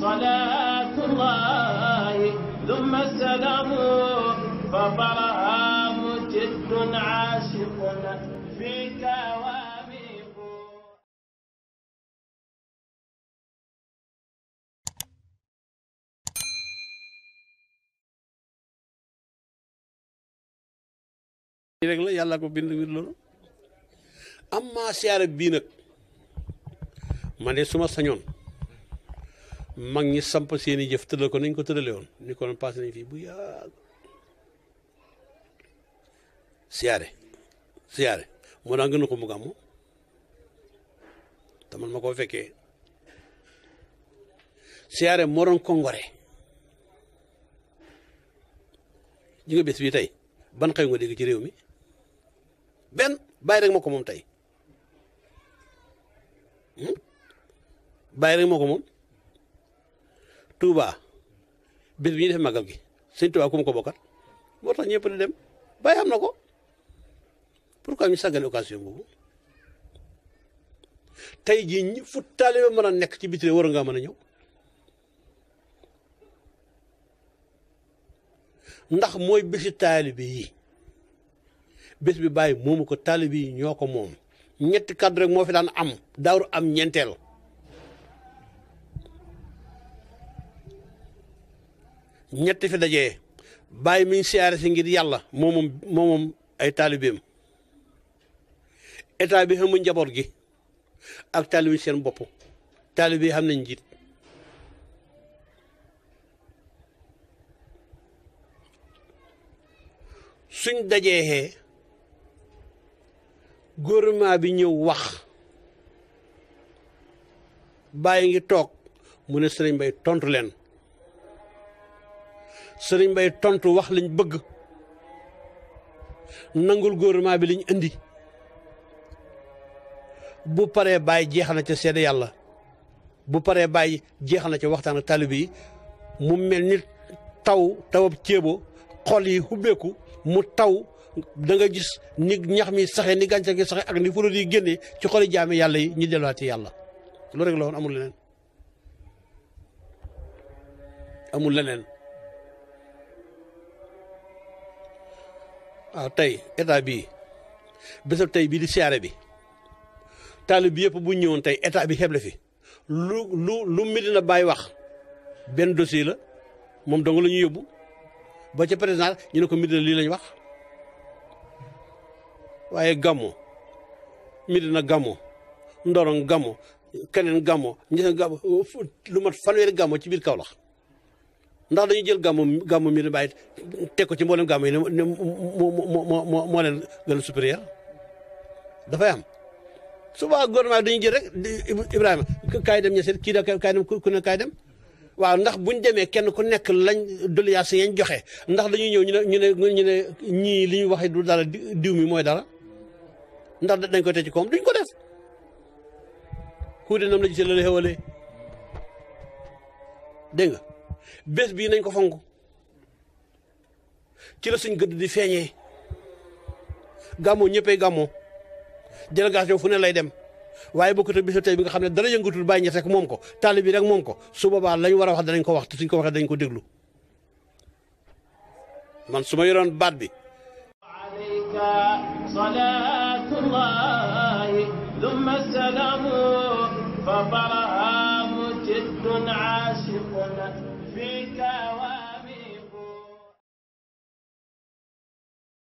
صلاة الله ثم السلام ففرها مجد عاشق فيك واميق rek la yàlla ko bind wir loolu am maa siyaare bii nag ma ne suma sañoon mag ñi samp seen i jëf tëral ko nañ ko tërale woon ni kon passé nañ fi bu yàgg siyaare siyaare moo naa gën a ko mu gàmmu te ma koo fekkee siyaare moo doon kongore ñi nga tey ban xew nga dégg ci réew mi benn bàyyi rek moo ko moom tey hmm? bàyyi rek ko moom Touba bés bi ñuy def màggal gi sëñ Touba ku mu ko bokkal moo tax ñëpp di dem bàyyi na ko pourquoi ñu sàggane occasion boobu tey jii fu taalibe mën a nekk ci bitire war ngaa mën a ñëw ndax mooy bési taalibe yi bés bi bàyyi moomu ko taalibe yi ñoo ko moom ñetti kàddu rek moo fi daan am daaru am ñeenteel ñetti fi dajee bàyyi mi siyaare si ngir yàlla moomum moomum ay taalibeem état bi xamuñ njaboot gi ak taalibi seen bopp taalibi xam nañ njiit suñ dajeexee gouvernement bi ñëw wax baay ngi toog mu ne sëriñ bay tontu leen sëriñ bay tontu wax liñ bëgg nangul gouvernement bi liñ indi bu paree bàyyi jeex na ca seede yàlla bu paree bàyyi jeex na ca waxtaan ak taalib mu mel ni taw tawab ceebo xol yi xubbeeku mu taw danga gis ni ñax mi saxe ni gàncax gi saxe ak ni produit yi génnee ci xoli jaami yàlla yi ñu delloo ci yàlla loolu rek la amul leneen amul leneen waaw ah, tey état bii bésab tey bii di siyaare bi taalib bi yëpp bu ñëwoon tey état bi xeble fi lu lu lu Medina Baye wax benn dossier la moom dong la ñu yóbbu ba ca président ñu ne ko Medina lii lañ wax waaye gàmmu Medina gàmmu Ndorong gàmmu keneen gàmmu ñeneen gàmmu lu mat fanweeri gàmmu ci biir lax ndax dañuy jël gàmmu gàmmu mi ne bàyyi teg ko ci mboolem gàmmu yi ne moo moo moo moo leen gën a supérieur dafay am suba gouvernement dañuy jël rek Ibrahima kaay dem ñeseen kii da kaay dem ku ne kaay dem waaw ndax buñ demee kenn ku nekk lañ doléance yañ joxe ndax dañuy ñëw ñu ne ñu ne ñu ne ñii li ñu waxe du dara diw mi mooy dara ndax dañ koy teg ci koom duñ ko def ku de nam la gisee loolu xewalee dégg nga bés bi nañ ko fonk ci la suñ gëdd di feeñee gàmmoo ñëppay gàmmoo délégation fu ne lay dem waaye bokkut ak a tey bi nga xam ne dara yëngatul bàyyi ñett rek moom ko taalibe bi rek moom ko su boobaa lañ war a wax danañ ko wax te suñ ko waxee danañ ko déglu man su yoroon baat bi. فطرها مجد عاشقنا بك